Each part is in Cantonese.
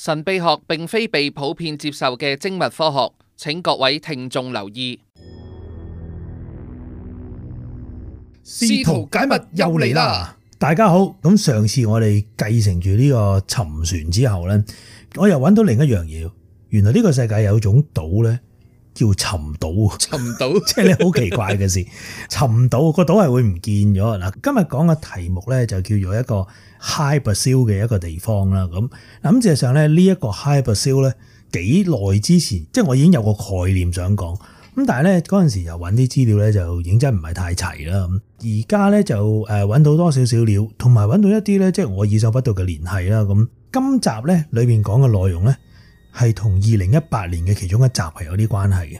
神秘學並非被普遍接受嘅精密科學，請各位聽眾留意。試圖解密又嚟啦！大家好，咁上次我哋繼承住呢個沉船之後呢，我又揾到另一樣嘢，原來呢個世界有種島呢。叫沉島，沉島，即係你好奇怪嘅事。沉島個島係會唔見咗嗱。今日講嘅題目咧就叫做一個 Hy Basil 嘅一個地方啦。咁咁，事實上咧呢一個 Hy Basil 咧幾耐之前，即係我已經有個概念想講。咁但係咧嗰陣時又揾啲資料咧就認真唔係太齊啦。而家咧就誒揾到多少少料，同埋揾到一啲咧即係我意想不到嘅聯繫啦。咁今集咧裏面講嘅內容咧。係同二零一八年嘅其中一集係有啲關係嘅。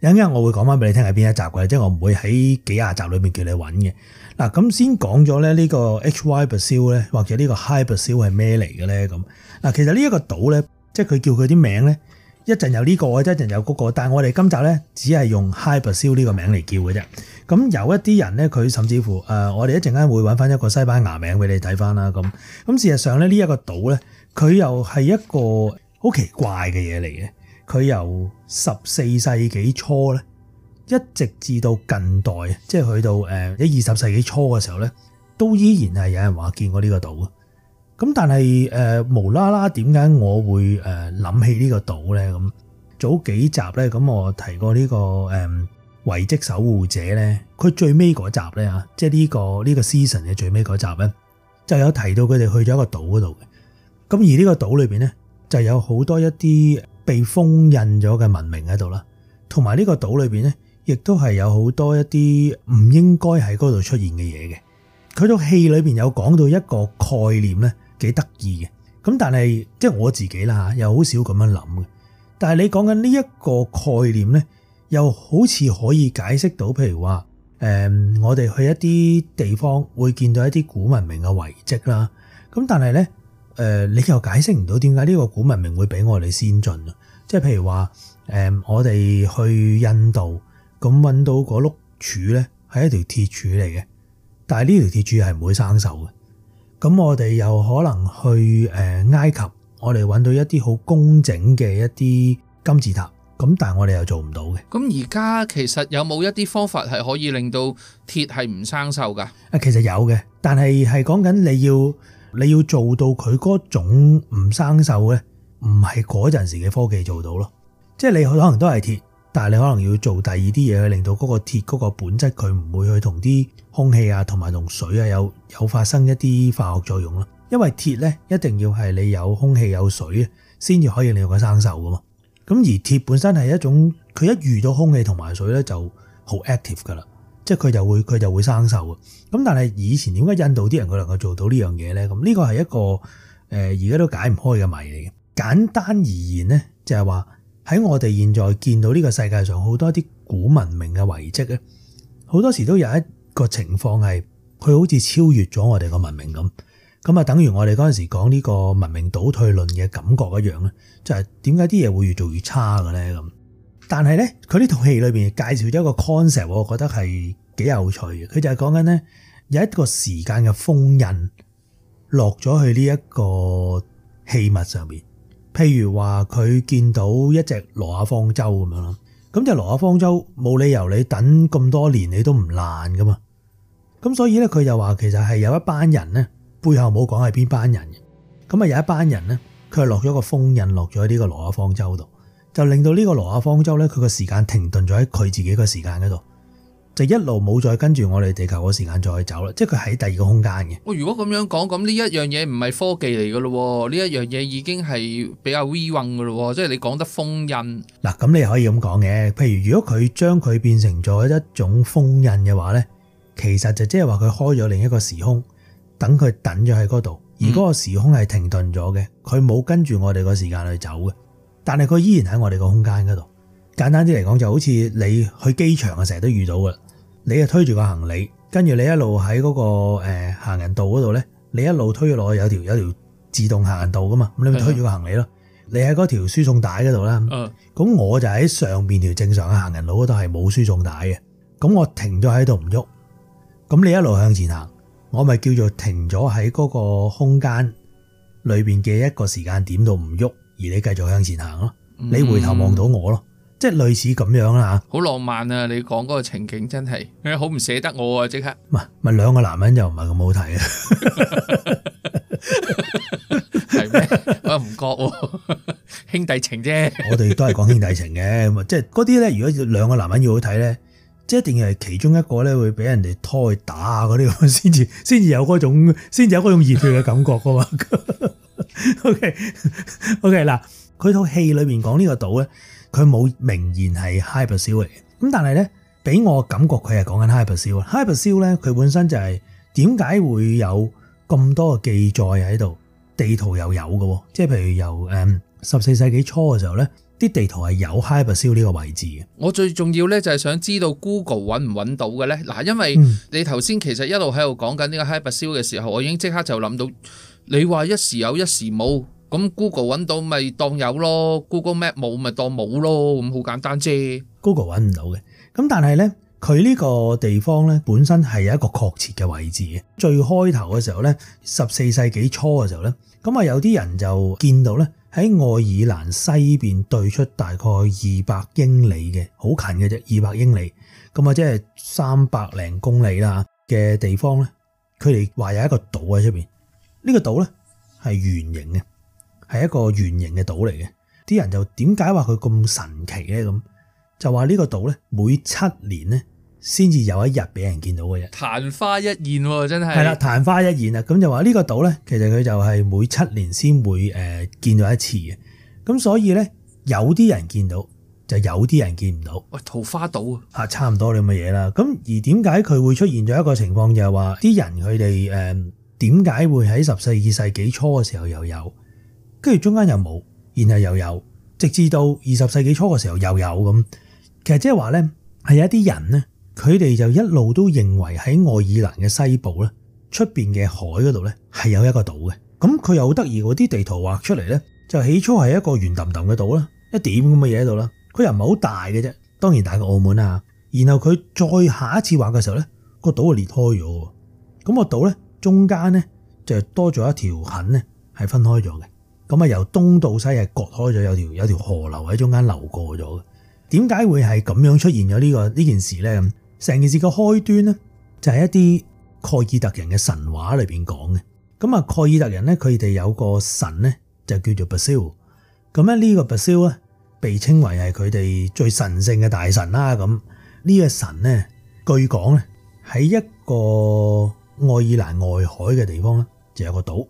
有陣間我會講翻俾你聽係邊一集嘅，即係我唔會喺幾廿集裏面叫你揾嘅。嗱，咁先講咗咧呢個 Hy Basil 咧，或者呢個 Hy Basil 係咩嚟嘅咧？咁嗱，其實呢一個島咧，即係佢叫佢啲名咧，一陣有呢、這個，一陣有嗰、那個。但係我哋今集咧只係用 Hy Basil 呢個名嚟叫嘅啫。咁有一啲人咧，佢甚至乎誒、呃，我哋一陣間會揾翻一個西班牙名俾你睇翻啦。咁咁事實上咧，呢一個島咧，佢又係一個。好奇怪嘅嘢嚟嘅。佢由十四世紀初咧，一直至到近代，即係去到誒一二十世紀初嘅時候咧，都依然係有人話見過呢個島嘅。咁但係誒無啦啦，點解我會誒諗起呢個島咧？咁早幾集咧，咁我提過呢個誒遺跡守護者咧，佢最尾嗰集咧啊，即係呢個呢個 season 嘅最尾嗰集咧，就有提到佢哋去咗一個島嗰度嘅。咁而呢個島裏邊咧。就有好多一啲被封印咗嘅文明喺度啦，同埋呢個島裏邊呢，亦都係有好多一啲唔應該喺嗰度出現嘅嘢嘅。佢套戲裏邊有講到一個概念呢，幾得意嘅。咁但係即係我自己啦吓，又好少咁樣諗嘅。但係你講緊呢一個概念呢，又好似可以解釋到，譬如話誒、呃，我哋去一啲地方會見到一啲古文明嘅遺跡啦。咁但係呢。誒，你又解釋唔到點解呢個古文明會比我哋先進啊？即係譬如話，誒，我哋去印度咁揾到個碌柱呢係一條鐵柱嚟嘅，但係呢條鐵柱係唔會生鏽嘅。咁我哋又可能去誒埃及，我哋揾到一啲好工整嘅一啲金字塔，咁但係我哋又做唔到嘅。咁而家其實有冇一啲方法係可以令到鐵係唔生鏽㗎？啊，其實有嘅，但係係講緊你要。你要做到佢嗰種唔生鏽咧，唔係嗰陣時嘅科技做到咯。即係你可能都係鐵，但係你可能要做第二啲嘢去令到嗰個鐵嗰個本質佢唔會去同啲空氣啊同埋同水啊有有發生一啲化學作用咯。因為鐵咧一定要係你有空氣有水先至可以令到佢生鏽噶嘛。咁而鐵本身係一種佢一遇到空氣同埋水咧就好 active 噶啦。即係佢就會佢就會生壽鏽嘅，咁但係以前點解印度啲人佢能夠做到呢樣嘢咧？咁呢個係一個誒而家都解唔開嘅謎嚟嘅。簡單而言咧，就係話喺我哋現在見到呢個世界上好多啲古文明嘅遺跡咧，好多時都有一個情況係佢好似超越咗我哋個文明咁，咁啊等於我哋嗰陣時講呢個文明倒退論嘅感覺一樣咧，就係點解啲嘢會越做越差嘅咧咁？但係咧，佢呢套戲裏面介紹咗一個 concept，我覺得係幾有趣嘅。佢就係講緊咧有一個時間嘅封印落咗去呢一個器物上面。譬如話佢見到一隻羅亞方舟咁樣咯，咁就羅亞方舟冇理由你等咁多年你都唔爛噶嘛。咁所以咧佢就話其實係有一班人咧，背後冇講係邊班人嘅，咁啊有一班人咧佢係落咗個封印落咗喺呢個羅亞方舟度。就令到呢個羅亞方舟咧，佢個時間停頓咗喺佢自己個時間嗰度，就一路冇再跟住我哋地球個時間再去走啦。即係佢喺第二個空間嘅、哦。如果咁樣講，咁呢一樣嘢唔係科技嚟嘅咯，呢一樣嘢已經係比較 we run 嘅咯。即係你講得封印嗱，咁你可以咁講嘅。譬如如果佢將佢變成咗一種封印嘅話咧，其實就即係話佢開咗另一個時空，等佢等咗喺嗰度，而嗰個時空係停頓咗嘅，佢、嗯、冇跟住我哋個時間去走嘅。但係佢依然喺我哋個空間嗰度。簡單啲嚟講，就好似你去機場啊，成日都遇到噶。你就推住個行李，跟住你一路喺嗰、嗰個誒、呃、行人道嗰度咧，你一路推落去有條有條自動行人道噶嘛。咁你咪推住個行李咯。你喺嗰條輸送帶嗰度啦。咁、嗯、我就喺上邊條正常嘅行人路嗰度係冇輸送帶嘅。咁我停咗喺度唔喐。咁你一路向前行，我咪叫做停咗喺嗰個空間裏邊嘅一個時間點度唔喐。而你繼續向前行咯，你回頭望到我咯、嗯，即係類似咁樣啦吓，好浪漫啊！你講嗰個情景真係，好唔捨得我啊！即刻，唔係兩個男人就唔係咁好睇啊，係 咩 是嗎？ 我又唔覺得， 兄弟情啫。我哋都係講兄弟情嘅，即係嗰啲咧。如果兩個男人要好睇咧，即、就、係、是、一定係其中一個咧會俾人哋拖去打啊嗰啲咁先至，先至有嗰種，先至有嗰種熱血嘅感覺噶嘛。 O K，O K，嗱，佢套戲裏面講呢個島咧，佢冇明言係 Hy Basil 嘅，咁但係咧，俾我感覺佢係講緊 Hy Basil。Hy Basil 咧，佢本身就係點解會有咁多記載喺度，地圖又有嘅，即係譬如由誒十四世紀初嘅時候咧，啲地圖係有 Hy Basil 呢個位置嘅。我最重要咧就係想知道 Google 搵唔搵到嘅咧？嗱，因為你頭先其實一路喺度講緊呢個 Hy Basil 嘅時候，我已經即刻就諗到。你話一時有，一時冇，咁 Google 揾到咪當有咯，Google Map 冇咪當冇咯，咁好簡單啫。Google 揾唔到嘅，咁但係呢，佢呢個地方呢本身係有一個確切嘅位置嘅。最開頭嘅時候呢，十四世紀初嘅時候呢，咁啊有啲人就見到呢，喺愛爾蘭西邊對出大概二百英里嘅，好近嘅啫，二百英里，咁啊即係三百零公里啦嘅地方呢，佢哋話有一個島喺出邊。呢個島咧係圓形嘅，係一個圓形嘅島嚟嘅。啲人就點解話佢咁神奇咧？咁就話呢個島咧，每七年咧先至有一日俾人見到嘅。曇花一現，真係係啦，曇花一現啊！咁就話呢個島咧，其實佢就係每七年先會誒見到一次嘅。咁所以咧，有啲人見到，就有啲人見唔到。喂，桃花島啊，差唔多你咁嘅嘢啦。咁而點解佢會出現咗一個情況，就係話啲人佢哋誒。呃點解會喺十四、二世紀初嘅時候又有，跟住中間又冇，然後又有，直至到二十世紀初嘅時候又有咁。其實即係話呢，係有一啲人呢，佢哋就一路都認為喺愛爾蘭嘅西部呢，出面嘅海嗰度呢，係有一個島嘅。咁佢又好得意喎，啲地圖畫出嚟呢，就起初係一個圓揼揼嘅島啦，一點咁嘅嘢喺度啦。佢又唔係好大嘅啫，當然大過澳門呀。然後佢再下一次畫嘅時候呢，個島就裂開咗。咁、個島呢。中間咧就多咗一條痕咧，係分開咗嘅。咁啊由東到西係割開咗，有條有條河流喺中間流過咗嘅。點解會係咁樣出現咗呢、這個呢件事咧？成件事嘅開端咧就係一啲蓋爾特人嘅神話裏邊講嘅。咁啊蓋爾特人咧佢哋有個神咧就叫做 Basil。咁咧呢個 Basil 咧被稱為係佢哋最神聖嘅大神啦。咁、這、呢個神咧據講咧喺一個。愛爾蘭外海嘅地方啦，就有個島。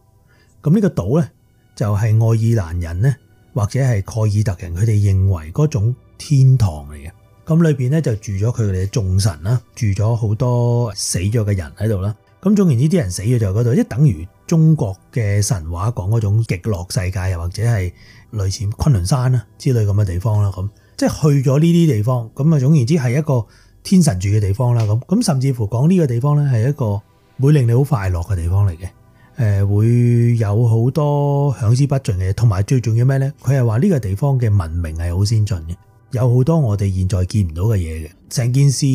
咁呢個島咧，就係愛爾蘭人呢，或者係蓋爾特人，佢哋認為嗰種天堂嚟嘅。咁裏邊咧就住咗佢哋嘅眾神啦，住咗好多死咗嘅人喺度啦。咁總言之，啲人死咗就喺嗰度，即等於中國嘅神話講嗰種極樂世界，又或者係類似崑崙山啊之類咁嘅地方啦。咁即係去咗呢啲地方，咁啊總言之係一個天神住嘅地方啦。咁咁甚至乎講呢個地方咧係一個。會令你好快樂嘅地方嚟嘅，誒會有好多享之不盡嘅，同埋最重要咩呢？佢係話呢個地方嘅文明係好先進嘅，有好多我哋現在見唔到嘅嘢嘅。成件事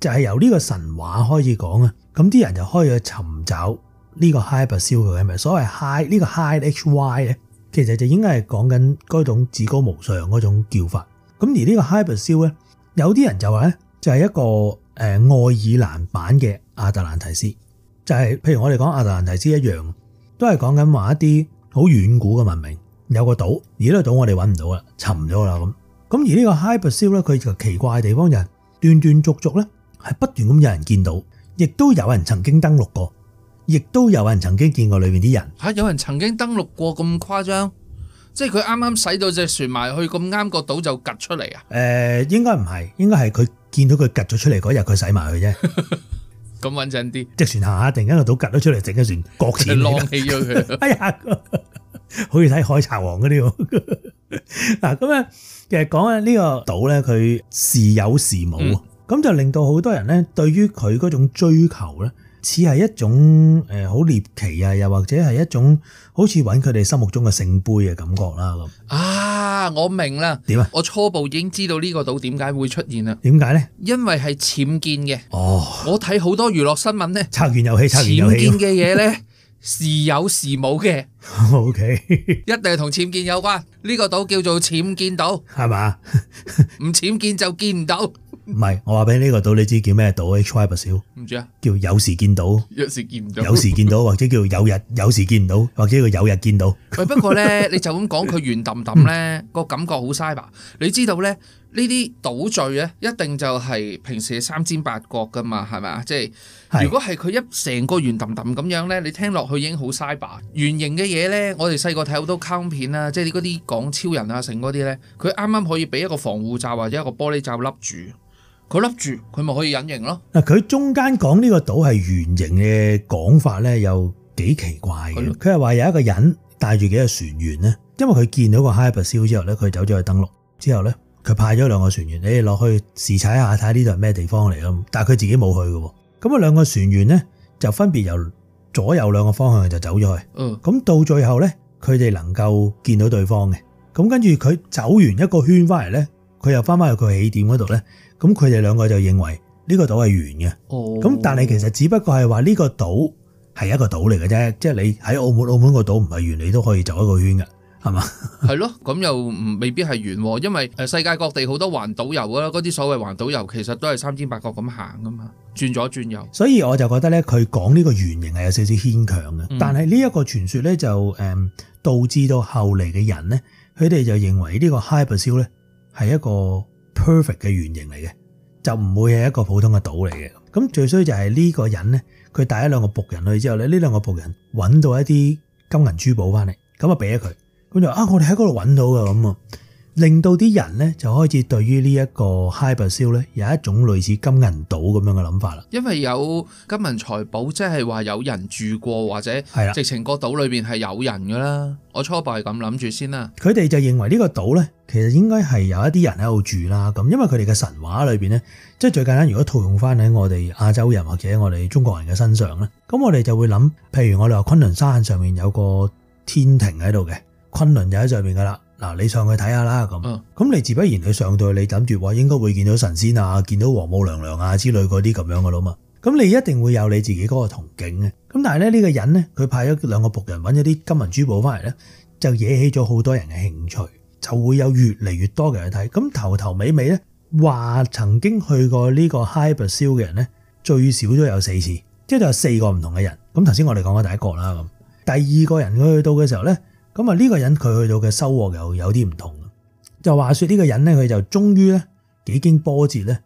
就係由呢個神話開始講啊。咁啲人就開始尋找呢個 Hy Basil 嘅，咁咪所謂 High 呢個 High H Y 咧，其實就應該係講緊嗰種至高無上嗰種叫法。咁而呢個 Hy Basil 呢，有啲人就話呢，就係一個誒愛爾蘭版嘅亞特蘭提斯。就係、是，譬如我哋講亞特蘭提斯一樣，都係講緊話一啲好遠古嘅文明，有個島，而呢個島我哋揾唔到啦，沉咗啦咁。咁而呢個 Hy Basil 呢，佢就奇怪嘅地方就是、斷斷續續咧，係不斷咁有人見到，亦都有人曾經登陸過，亦都有人曾經見過裏面啲人。有人曾經登陸過咁誇張，即係佢啱啱洗到隻船埋去，咁啱個島就趌出嚟啊？誒、呃，應該唔係，應該係佢見到佢趌咗出嚟嗰日，佢洗埋去啫。 咁穩陣啲船行下，突然間個島夾咗出嚟，整隻船擱淺，浪起咗佢。哎呀，好似睇《海賊王》嗰啲。嗱，咁樣，其實講呢個島咧，佢時有時冇，咁、嗯、就令到好多人咧，對於佢嗰種追求咧。似係一種誒好獵奇啊，又或者係一種好似揾佢哋心目中嘅聖杯嘅感覺啦咁。啊，我明啦。點啊？我初步已經知道呢個島點解會出現啦。點解咧？因為係僭建嘅。哦。我睇好多娛樂新聞咧，拆完遊戲，僭建嘅嘢咧。 時有時冇嘅，O K，一定係同僭建有關。呢個島叫做僭建島，係嘛？唔僭建就見唔到。唔係，我話俾你呢個島，你知叫咩島？Hy Basil，唔知啊？叫有時見到，有時見唔到，有時見到或者叫有日有時見唔到，或者叫有日見到。喂，不過咧，你就咁講佢圓揼揼咧，個感覺好嘥吧？你知道咧？呢啲島嶼咧，一定就係平時嘅三尖八角噶嘛，係咪啊？即係如果係佢一成個圓氹氹咁樣咧，你聽落去已經好嘥吧。圓形嘅嘢咧，我哋細個睇好多卡通片啦，即係嗰啲講超人啊成嗰啲咧，佢啱啱可以俾一個防護罩或者一個玻璃罩笠住，佢笠住佢咪可以隱形咯。嗱，佢中間講呢個島係圓形嘅講法咧，又幾奇怪嘅。佢係話有一個人帶住幾個船員咧，因為佢見到個 Hy Basil 之後咧，佢走咗去登陸之後咧。佢派咗兩個船員，你哋落去試踩下，睇下呢度係咩地方嚟咯。但係佢自己冇去嘅喎。咁啊，兩個船員咧就分別由左右兩個方向就走咗去。嗯。咁到最後咧，佢哋能夠見到對方嘅。咁跟住佢走完一個圈翻嚟咧，佢又翻翻去佢起點嗰度咧。咁佢哋兩個就認為呢個島係圓嘅。哦。咁但係其實只不過係話呢個島係一個島嚟嘅啫，即係你喺澳門澳門個島唔係圓，你都可以走一個圈嘅。係嘛？係 咯，咁又未必係圓，因為誒，世界各地好多環島遊啊，嗰啲所謂環島遊其實都係三尖八角咁行噶嘛，轉左轉右，所以我就覺得咧，佢講呢個圓形係有少少牽強嘅。但係呢一個傳說咧就誒、嗯、導致到後嚟嘅人咧，佢哋就認為呢個 Hy Basil 咧係一個 perfect 嘅圓形嚟嘅，就唔會係一個普通嘅島嚟嘅。咁最衰就係呢個人咧，佢帶一兩個僕人去之後咧，呢兩個僕人揾到一啲金銀珠寶翻嚟，咁啊俾咗佢。咁啊，我哋喺嗰度揾到噶。咁啊，令到啲人呢，就開始對於呢一個 Hy Basil 呢有一種類似金銀島咁樣嘅諗法啦。因為有金銀財寶，即係話有人住過，或者係啦，直情個島裏邊係有人噶啦。我初步係咁諗住先啦。佢哋就認為呢個島呢，其實應該係有一啲人喺度住啦。咁因為佢哋嘅神話裏邊呢，即係最簡單，如果套用翻喺我哋亞洲人或者我哋中國人嘅身上呢，咁我哋就會諗，譬如我哋話昆崙山上面有個天庭喺度嘅。昆崙就喺上面噶啦，嗱，你上去睇下啦，咁、嗯，咁你自不然你上到去，你諗住話應該會見到神仙啊，見到王母娘娘啊之類嗰啲咁樣噶啦嘛，咁你一定會有你自己嗰個同景嘅。咁但係咧呢個人咧，佢派咗兩個僕人揾咗啲金銀珠寶翻嚟，咧就惹起咗好多人嘅興趣，就會有越嚟越多嘅人去睇，咁頭頭尾尾咧話曾經去過呢個 Hy Basil 嘅人咧最少都有四次，即係有四個唔同嘅人，咁頭先我哋講咗第一個啦，咁第二個人佢去到嘅時候咧。咁啊呢個人佢去到嘅收穫又有啲唔同，就話說呢個人咧，佢就終於咧，幾經波折咧，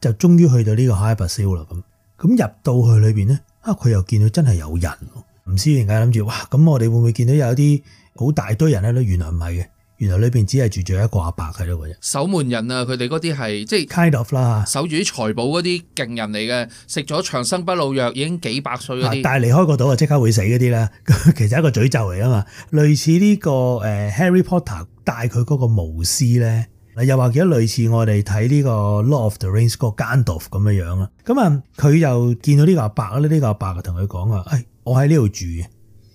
就終於去到呢個 Hy Basil 啦，咁，咁入到去裏面咧啊，佢又見到真係有人，唔知點解諗住哇，咁我哋會唔會見到有啲好大堆人呢？原來唔係嘅。原來裏邊只係住著一個阿伯喺度嘅啫。守門人啊，佢哋嗰啲係即係 kind of 啦，守住啲財寶嗰啲勁人嚟嘅，食咗長生不老藥已經幾百歲嗰啲，但係離開個島就即刻會死嗰啲啦。其實係一個詛咒嚟啊嘛，類似呢個誒 Harry Potter 帶佢嗰個巫師咧，又或者多類似我哋睇呢個 Lord of the Rings 嗰個 Gandalf 咁樣樣啦。咁啊，佢又見到呢個阿伯啦，呢、這個阿伯就同佢講啊，誒、哎，我喺呢度住嘅，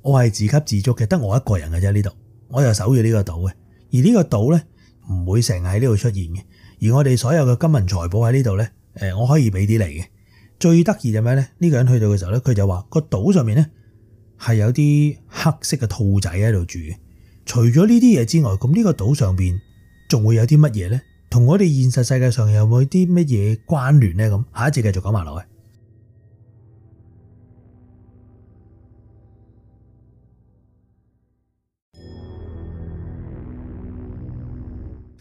我係自給自足嘅，得我一個人嘅啫呢度，我又守住呢個島嘅。而呢個島咧，唔會成日喺呢度出現嘅，而我哋所有嘅金銀財寶喺呢度咧，誒，我可以俾啲嚟嘅。最得意就咩咧？呢個人去到嘅時候咧，佢就話個島上面咧係有啲黑色嘅兔仔喺度住嘅。除咗呢啲嘢之外，咁呢個島上面仲會有啲乜嘢咧？同我哋現實世界上有冇啲乜嘢關聯咧？咁下一節繼續講埋落去。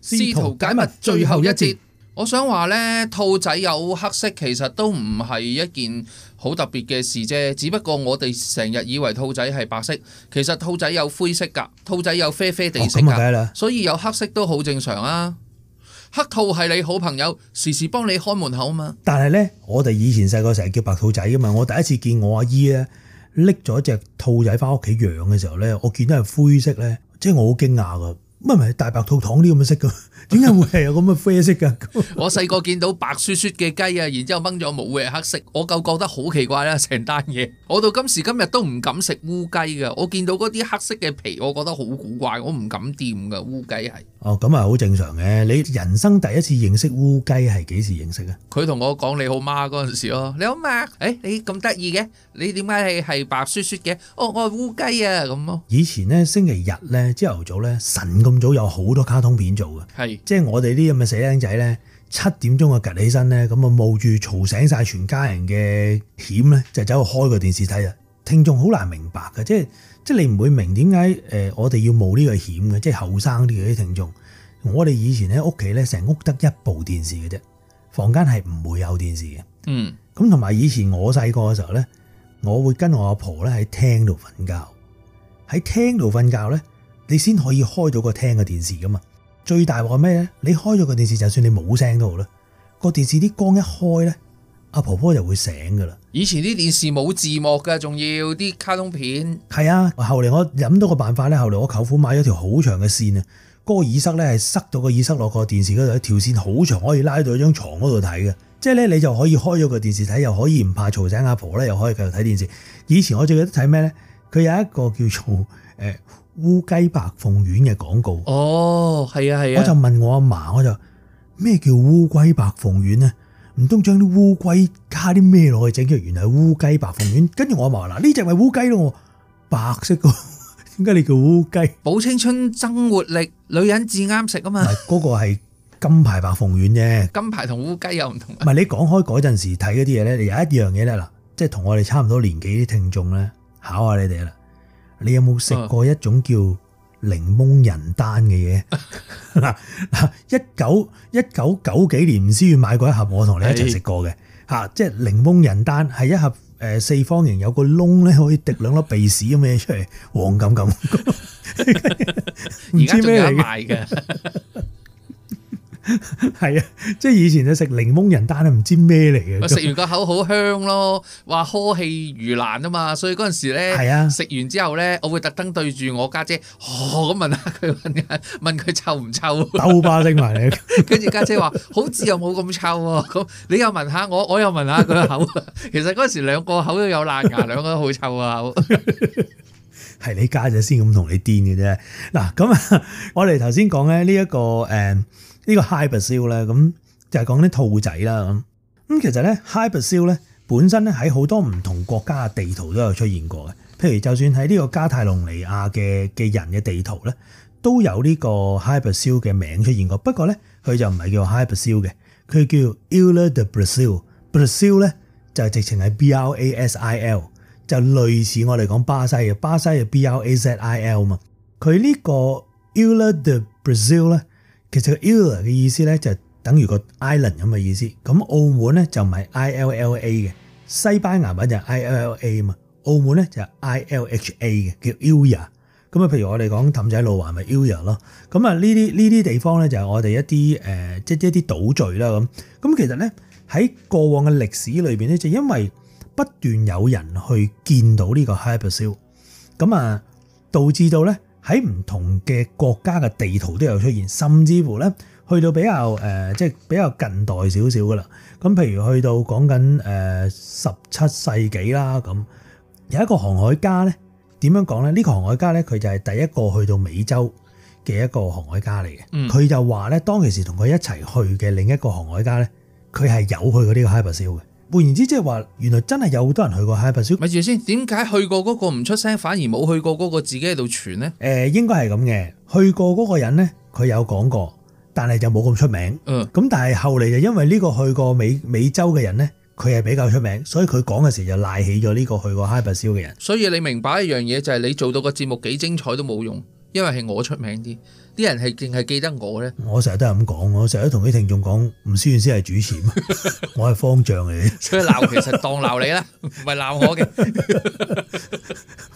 試圖解密最後一節，我想話呢，兔仔有黑色其實都唔係一件好特別嘅事啫，只不過我哋成日以為兔仔係白色，其實兔仔有灰色噶，兔仔有啡啡地色噶，所以有黑色都好正常啊。黑兔係你好朋友，時時幫你開門口啊嘛。但係呢，我哋以前細個成日叫白兔仔噶嘛，我第一次見我阿姨呢拎咗隻兔仔翻屋企養嘅時候呢，我見到係灰色呢，即係我好驚訝噶。唔係唔係大白兔糖啲咁嘅色噶，點解會係有咁嘅啡色噶？我細個見到白雪雪嘅雞啊，然之後掹咗毛會係黑色，我就覺得好奇怪啦，成單嘢。我到今時今日都唔敢食烏雞㗎。我見到嗰啲黑色嘅皮，我覺得好古怪，我唔敢掂㗎。烏雞係。哦，咁啊，好正常嘅。你人生第一次認識烏雞係幾時認識呀？佢同我講你好媽嗰陣時咯，你好媽，誒你咁得意嘅，你點解係白雪雪嘅？哦，我係烏雞啊咁咯。以前呢星期日呢朝頭早呢，神咁。早有好多卡通片做嘅，係即係我哋啲咁嘅死僆仔咧，七點鐘啊，趷起身咧，咁啊冒住嘈醒晒全家人嘅險咧，就走去開個電視睇啦。聽眾好難明白嘅，即係即係你唔會明點解誒，我哋要冒呢個險嘅，即係後生啲嘅啲聽眾。我哋以前咧屋企咧成屋得一部電視嘅啫，房間係唔會有電視嘅。嗯，咁同埋以前我細個嘅時候咧，我會跟我阿婆咧喺廳度瞓覺，喺廳度瞓覺咧。你先可以開到個廳嘅電視噶嘛？最大鑊咩咧？你開咗個電視，就算你冇聲都好啦。個電視啲光一開咧，阿婆婆就會醒噶啦。以前啲電視冇字幕嘅，仲要啲卡通片。係啊，後嚟我諗到個辦法咧。後嚟我舅父買咗條好長嘅線啊，嗰個耳塞咧係塞到個耳塞落個電視嗰度，條線好長，可以拉到張床嗰度睇嘅。即係咧，你就可以開咗個電視睇，又可以唔怕嘈醒阿婆咧，又可以繼續睇電視。以前我最記得睇咩咧？佢有一個叫做誒。欸烏雞白鳳丸嘅廣告哦，係啊係啊，我就問我阿嫲，我就咩叫烏龜白鳳丸呢？唔通將啲烏龜加啲咩落去整嘅？原來烏雞白鳳丸，跟住我阿嫲話嗱，呢隻咪烏雞咯，白色個，點解你叫烏雞？保青春、增活力，女人至啱食啊嘛！嗰個係金牌白鳳丸啫，金牌同烏雞又唔同。唔係你講開嗰陣時睇嗰啲嘢咧，你有一樣嘢咧嗱，即係同我哋差唔多年紀啲聽眾咧，考下你哋啦。你有冇食過一種叫檸檬人丹嘅嘢？嗱， 一九一九九幾年唔知要買過一盒，我同你一齊食過嘅，吓， 即係檸檬人丹，係一盒誒四方形，有個窿咧，可以滴兩粒鼻屎咁嘅嘢出嚟，黃咁咁。唔知咩嚟嘅？係啊，即係以前就食檸檬人丹，唔知咩嚟嘅。食完個口好香咯，話呵氣如蘭啊嘛，所以嗰陣時咧，係啊，食完之後咧、啊，我會特登對住我家姐，姐，咁問下佢，問佢臭唔臭？兜巴星埋嚟，跟住家姐話 好似又冇咁臭喎。咁你又問下我，我又問下佢口。 其實嗰陣時兩個口都有爛牙，兩個都好臭嘅口。係 你家姐先咁同你癲嘅啫。嗱、這個，咁啊，我哋頭先講咧呢一個誒。呢、呢個 Hy Basil 咧，咁就係講啲兔仔啦。咁咁其實咧 Hy Basil 咧本身咧喺好多唔同國家嘅地圖都有出現過嘅。譬如就算喺呢個加泰隆尼亞嘅嘅人嘅地圖咧，都有呢個 Hy Basil 嘅名出現過。不過咧，佢就唔係叫 Hy Basil 嘅，佢叫 Illa de Brazil, Brazil。Brazil 咧就係直情係 B R A S I L，就類似我哋講巴西嘅，巴西嘅 B R A Z I L 嘛。佢呢個 Illa de Brazil 咧。其實個 illa 嘅意思咧就等於個 island 咁嘅意思，咁澳門咧就唔係 illa 嘅，西班牙文就 illa 嘛，澳門咧就 ilha 嘅，叫 illa。咁啊，譬如我哋講氹仔路環咪 illa 咯，咁啊呢啲呢啲地方咧就係我哋一啲誒即係一啲島嶼啦咁。咁其實咧喺過往嘅歷史裏邊咧，就因為不斷有人去見到呢個 Hy Basil，咁啊導致到咧。喺唔同嘅國家嘅地圖都有出現，甚至乎咧去到比較誒、呃，即係比較近代少少噶啦。咁譬如去到講緊誒十七世紀啦，咁有一個航海家咧點樣講咧？呢、呢個航海家咧佢就係第一個去到美洲嘅一個航海家嚟嘅。佢、嗯、就話咧，當其時同佢一齊去嘅另一個航海家咧，佢係有去過呢個 Hy Basil 嘅。換言之，即係話，原來真係有好多人去過 Hy Basil。咪住先，點解去過嗰個唔出聲，反而冇去過嗰個自己喺度傳呢？誒、呃，應該係咁嘅。去過嗰個人呢，佢有講過，但係就冇咁出名。嗯。咁但係後嚟就因為呢個去過美美洲嘅人呢，佢係比較出名，所以佢講嘅時候就賴起咗呢個去過 Hy Basil 嘅人。所以你明白一樣嘢，就係你做到個節目幾精彩都冇用。因為係我出名啲，啲人係淨係記得我咧。我成日都係咁講，我成日都同啲聽眾講，唔算先係主持，我係方丈嚟。所以鬧其實當鬧你啦，唔係鬧我嘅。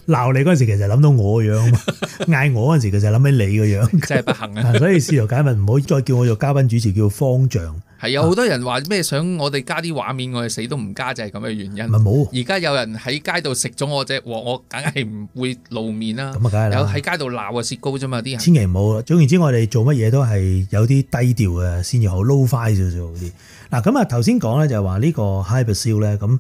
鬧你嗰陣時，其實諗到我嘅樣嘛，嗌我嗰陣時，其實諗起你嘅樣。真係不幸啊！所以試圖解密唔好再叫我做嘉賓主持，叫方丈。係有好多人話咩想我哋加啲畫面，我哋死都唔加，就係咁嘅原因。唔好，而家有人喺街度食咗我隻鑊，我梗係唔會露面啦。咁啊，梗係有喺街度鬧啊，雪糕啫嘛啲人。千祈唔好。總言之，我哋做乜嘢都係有啲低調啊先至好，low fi 少少嗰啲。嗱咁啊，頭先講咧就係話呢個 Hy Basil 咧，咁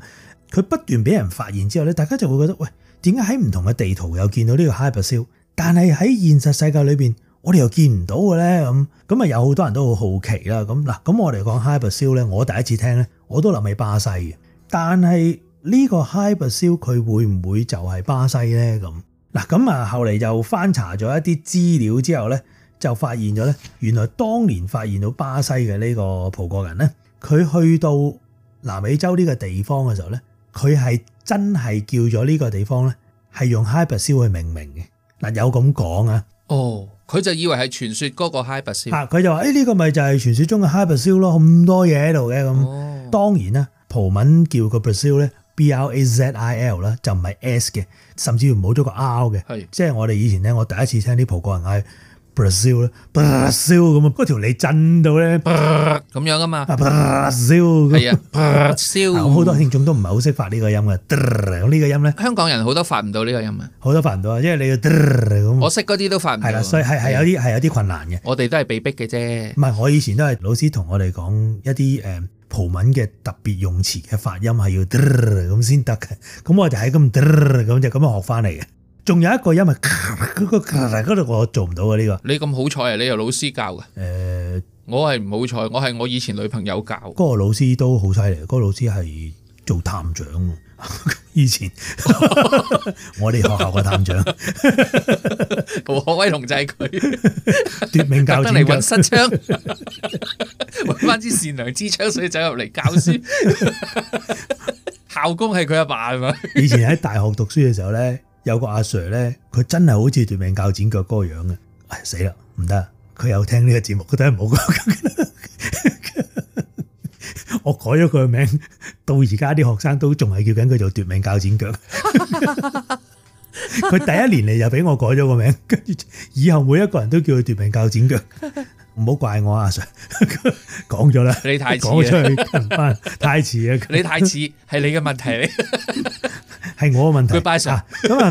佢不斷俾人發現之後咧，大家就會覺得喂，點解喺唔同嘅地圖有見到呢個 Hy Basil，但係喺現實世界裏邊。我哋又見唔到嘅咧，咁咁啊，有好多人都好好奇啦。咁嗱，咁我哋講 Hy Basil 咧，我第一次聽咧，我都諗起巴西嘅。但係呢個 Hy Basil 佢會唔會就係巴西咧？咁嗱，咁啊後嚟就翻查咗一啲資料之後咧，就發現咗咧，原來當年發現到巴西嘅呢個葡國人咧，佢去到南美洲呢個地方嘅時候咧，佢係真係叫咗呢個地方咧，係用 Hy Basil 去命名嘅。嗱，有咁講啊。哦、oh。佢就以為係傳説嗰個 Hy Basil，佢、啊、就話，誒、欸、呢、這個咪就係傳説中嘅 Hy Basil 咯，咁多嘢喺度嘅咁。當然啦，葡文叫個 Brasil 咧，B R A Z I L 啦，就唔係 S 嘅，甚至乎冇咗個 R 嘅。係，即係我哋以前咧，我第一次聽啲葡國人嗌。燒咧，燒咁 啊！嗰條脷震到咧，咁樣啊嘛，燒係咁。好多聽眾都唔係好識發呢個音嘅，咁、這、呢個音咧，香港人好多發唔到呢個音啊，好多發唔到啊，因為你要咁，我識嗰啲都發唔到，係啦，所以係係有啲係有啲困難嘅，我哋都係被逼嘅啫，唔係，我以前都係老師同我哋講一啲誒葡文嘅特別用詞嘅發音係要咁先得嘅，咁我就喺咁咁就咁樣學翻嚟嘅。仲有一個因為嗰個，嗱嗰度我做唔到啊！呢個你咁好彩啊！你有老師教噶？誒、呃，我係唔好彩，我係我以前女朋友教嗰個老師都好犀利，嗰、那個老師係做探長，以前、哦、 我哋學校個探長何可、哦、 威龍就係佢奪命教得嚟，揾失槍，揾 翻支善良之槍，所以走入嚟教書， 校工係佢阿爸係嘛？以前喺大學讀書嘅時候咧。有個阿 Sir 咧，佢真係好似奪命鉸剪腳個樣嘅，哎，死啦！唔得，佢又聽呢個節目，佢都係唔好講嘅。 我改咗佢嘅名，到而家啲學生都仲係叫緊佢做奪命鉸剪腳。佢 第一年嚟又俾我改咗個名，跟住以後每一個人都叫佢奪命鉸剪腳。唔好怪我阿、啊、Sir，講咗啦，你太遲，講出去太遲啊！你太遲，係你嘅問題，你係我嘅問題。拜神咁啊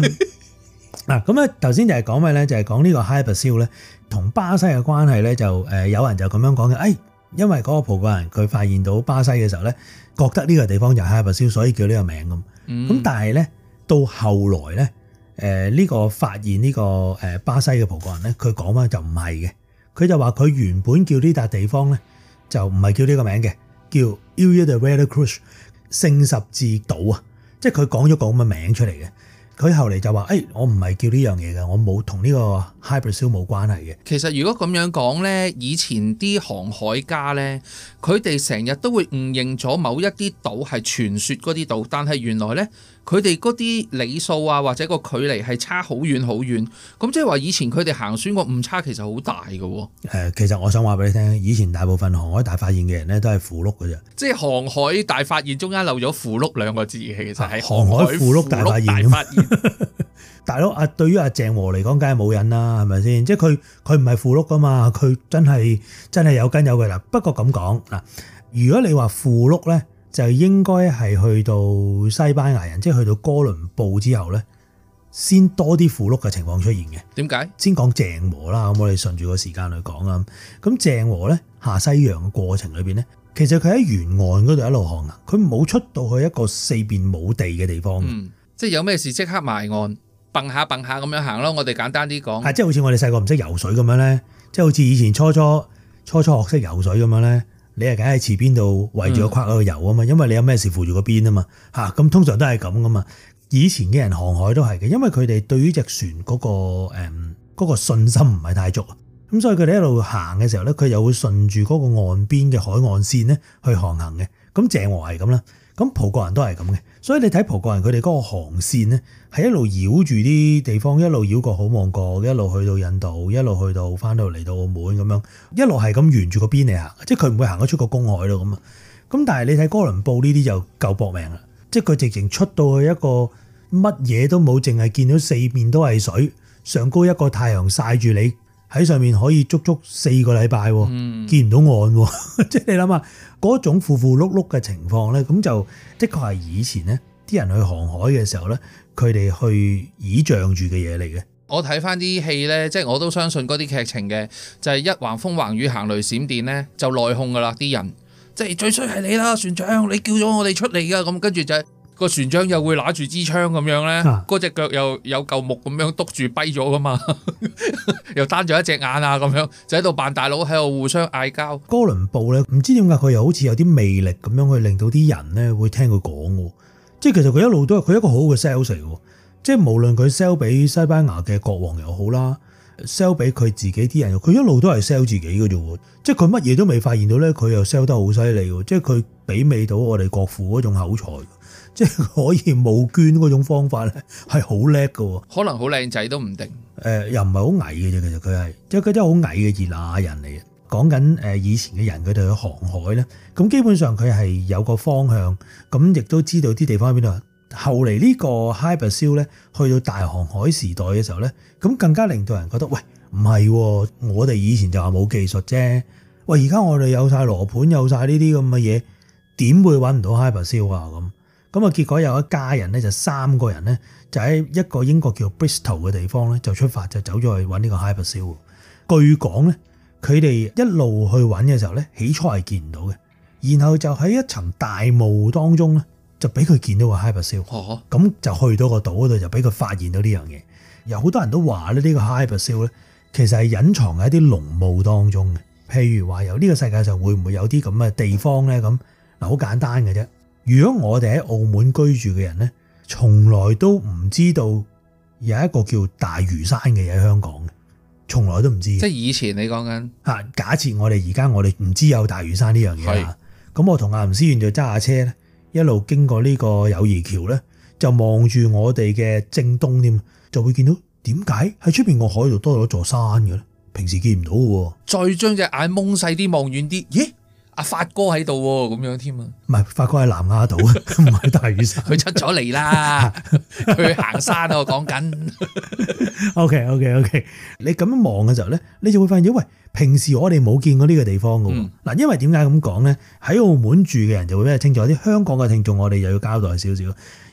嗱，咁啊頭先就係講咩咧？就係講呢個 Hy Basil 咧，同巴西嘅關係咧就誒，有人就咁樣講嘅。哎，因為嗰個葡國人佢發現到巴西嘅時候咧，覺得呢個地方就 Hy Basil，所以叫呢個名咁。咁、嗯、但係咧到後來咧，誒、這、呢個發現呢個誒巴西嘅葡國人咧，佢講翻就唔係嘅。佢就話：佢原本叫呢笪地方咧，就唔係叫呢個名嘅，叫 Ilha de Vera Cruz 聖十字島啊，即係佢講咗個咁嘅名出嚟嘅。佢後嚟就話：誒、哎，我唔係叫呢樣嘢嘅，我冇同呢個 Hy Basil 冇關係嘅。其實如果咁樣講呢，以前啲航海家呢，佢哋成日都會誤認咗某一啲島係傳說嗰啲島，但係原來呢，佢哋嗰啲里數啊或者個距離係差好遠好遠。咁即係話以前佢哋行船個誤差其實好大嘅。誒，其實我想話俾你聽，以前大部分航海大發現嘅人呢，都係符碌嘅啫。即係航海大發現中間漏咗符碌兩個字，其實係航海符碌大發現。 大佬啊，對於阿鄭和嚟講，梗係冇癮啦，係咪先？即係佢佢唔係扶碌噶嘛，佢真係真係有根有據啦。不過咁講嗱，如果你話扶碌咧，就應該係去到西班牙人，即係去到哥倫布之後咧，先多啲扶碌嘅情況出現嘅。點解？先講鄭和啦，咁我哋順住個時間去講啊。咁鄭和咧下西洋嘅過程裏邊咧，其實佢喺沿岸嗰度一路航行啊，佢冇出到去一個四邊冇地嘅地方。嗯即係有咩事即刻埋岸，蹦下蹦下咁樣行咯。我哋簡單啲講，啊，即係好似我哋細個唔識游水咁樣咧，即係好似以前初初初初學識游水咁樣咧，你係梗喺池邊度圍住個框喺度游啊嘛，嗯，因為你有咩事扶住個邊啊嘛。吓，咁通常都係咁噶嘛。以前嘅人航海都係嘅，因為佢哋對於隻船嗰、嗰個誒、嗯嗰個信心唔係太足，咁所以佢哋一路行嘅時候咧，佢又會順住嗰個岸邊嘅海岸線咧去航行嘅。咁鄭和係咁啦。咁葡國人都係咁嘅，所以你睇葡國人佢哋嗰個航線咧，係一路繞住啲地方，一路繞過好望角，一路去到印度，一路去到翻到嚟到澳門咁樣，一路係咁沿住個邊嚟行，即係佢唔會行得出個公海咯咁啊。咁但係你睇哥倫布呢啲就夠搏命啦，即係佢直情出到去一個乜嘢都冇，淨係見到四面都係水，上高一個太陽曬住你。喺上面可以足足四個禮拜、嗯，見唔到岸，即 係你諗下嗰種富富碌碌嘅情況呢，咁就的確係以前呢啲人去航海嘅時候呢，佢哋去倚仗住嘅嘢嚟嘅。我睇翻啲戲呢，即係我都相信嗰啲劇情嘅，就係、是、一橫風橫雨行雷閃電呢，就內訌噶啦。啲人即係、就是、最衰係你啦，船長，你叫咗我哋出嚟噶，咁跟住就是。個船長又會攞住支槍咁樣咧，嗰、啊、隻腳又有嚿木咁樣篤住跛咗噶嘛， 又單咗一隻眼啊咁樣，就喺度扮大佬喺度互相嗌交。哥倫布咧，唔知點解佢又好似有啲魅力咁樣去令到啲人咧會聽佢講喎，即係其實佢一路都係佢一個好好嘅 sales 喎，即係無論佢 sell 俾西班牙嘅國王又好啦，sell 俾佢自己啲人，佢一路都係 sell 自己嘅啫喎，即係佢乜嘢都未發現到咧，佢又 sell 得好犀利喎，即係佢媲美到我哋國父嗰種口才。即 係可以募捐嗰種方法咧，係好叻㗎喎。可能好靚仔都唔定。誒，又唔係好矮嘅啫。其實佢係即係佢真係好矮嘅熱那亞人嚟嘅。講緊誒以前嘅人佢哋去到航海咧，咁基本上佢係有個方向，咁亦都知道啲地方喺邊度。後嚟呢個 Hy Basil 咧，去到大航海時代嘅時候咧，咁更加令到人覺得喂，唔係我哋以前就話冇技術啫。喂，而家我哋有晒羅盤，有晒呢啲咁嘅嘢，點會揾唔到 Hy Basil 啊咁？咁啊，結果有一家人咧，就三個人咧，就喺一個英國叫 Bristol 嘅地方咧，就出發就走咗去揾呢個 Hy Basil。據講咧，佢哋一路去揾嘅時候咧，起初係見唔到嘅，然後就喺一層大霧當中咧，就俾佢見到個 Hy Basil，啊。咁就去到個島嗰度，就俾佢發現到呢樣嘢。有好多人都話咧，呢個 Hy Basil 咧，其實係隱藏喺啲濃霧當中嘅。譬如話，有呢個世界上會唔會有啲咁嘅地方咧？咁嗱，好簡單嘅啫。如果我哋喺澳門居住嘅人呢，從來都唔知道有一個叫大嶼山嘅嘢喺香港從來都唔知。即係以前你講緊吓，假設我哋而家我哋唔知有大嶼山呢樣嘢咁我同阿吳思遠就揸下車呢一路經過呢個友誼橋呢，就望住我哋嘅正東添，就會見到點解喺出邊個海度多咗座山嘅咧？平時見唔到喎。再將隻眼蒙細啲望遠啲，咦？阿發哥喺度喎，咁樣添啊！唔係，發哥喺南丫島啊，唔係大嶼山。佢出咗嚟啦，佢行山啊！我講緊。OK，OK，OK。你咁樣望嘅時候咧，你就會發現，咦？喂，平時我哋冇見過呢個地方嘅喎。嗱，因為點解咁講咧？喺澳門住嘅人就會比較清楚，啲香港嘅聽眾我哋又要交代少少，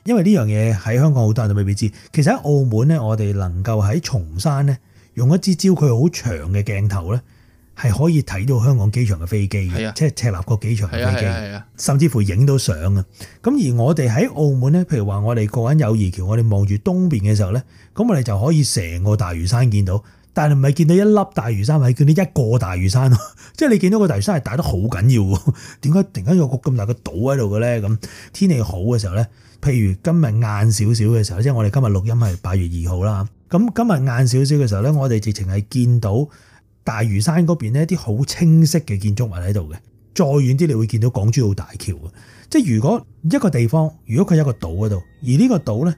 因為呢樣嘢喺香港好多人都未必知。其實喺澳門咧，我哋能夠喺松山咧，用一支焦距好長嘅鏡頭咧。係可以睇到香港機場嘅飛機嘅，即係赤鱲角機場嘅飛機，啊機飛機啊啊啊、甚至乎影到相啊！咁而我哋喺澳門咧，譬如話我哋過緊友誼橋，我哋望住東邊嘅時候咧，咁我哋就可以成個大嶼山見到。但係唔係見到一粒大嶼山，係見到一個大嶼山。即係你見到個大嶼山係大得好緊要，點解突然間有個咁大嘅島喺度嘅咧？咁天氣好嘅時候咧，譬如今日晏少少嘅時候，即係我哋今日錄音係八月二號啦。咁今日晏少少嘅時候咧，我哋直情係見到。大嶼山嗰邊呢啲好清晰嘅建築物喺度嘅。再遠啲，你會見到港珠澳大橋嘅。即係如果一個地方，如果佢一個島嗰度，而呢個島呢，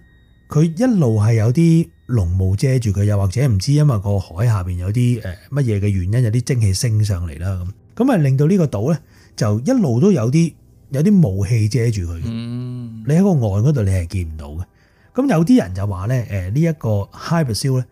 佢一路係有啲濃霧遮住佢，又或者唔知因為個海下面有啲乜嘢嘅原因，有啲蒸氣升上嚟啦。咁咁啊，令到呢個島呢，就一路都有啲有啲霧氣遮住佢，嗯、你喺個岸嗰度，你係見唔到嘅。咁有啲人就話呢，呢、呃、一、個 Hy Basil 呢，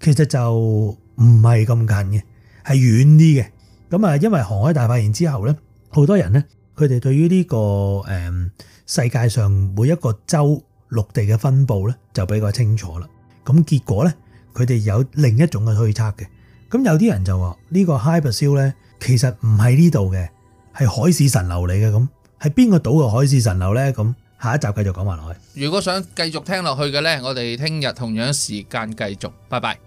其實就唔係咁近嘅。係遠啲嘅，咁啊，因為航海大發現之後咧，好多人咧，佢哋對於呢個誒世界上每一個州陸地嘅分佈咧就比較清楚啦。咁結果咧，佢哋有另一種嘅推測嘅。咁有啲人就話呢個 Hy Basil 咧，其實唔係呢度嘅，係海市蜃樓嚟嘅。咁係邊個島嘅海市蜃樓咧？咁下一集繼續講埋落去。如果想繼續聽落去嘅咧，我哋聽日同樣時間繼續。拜拜。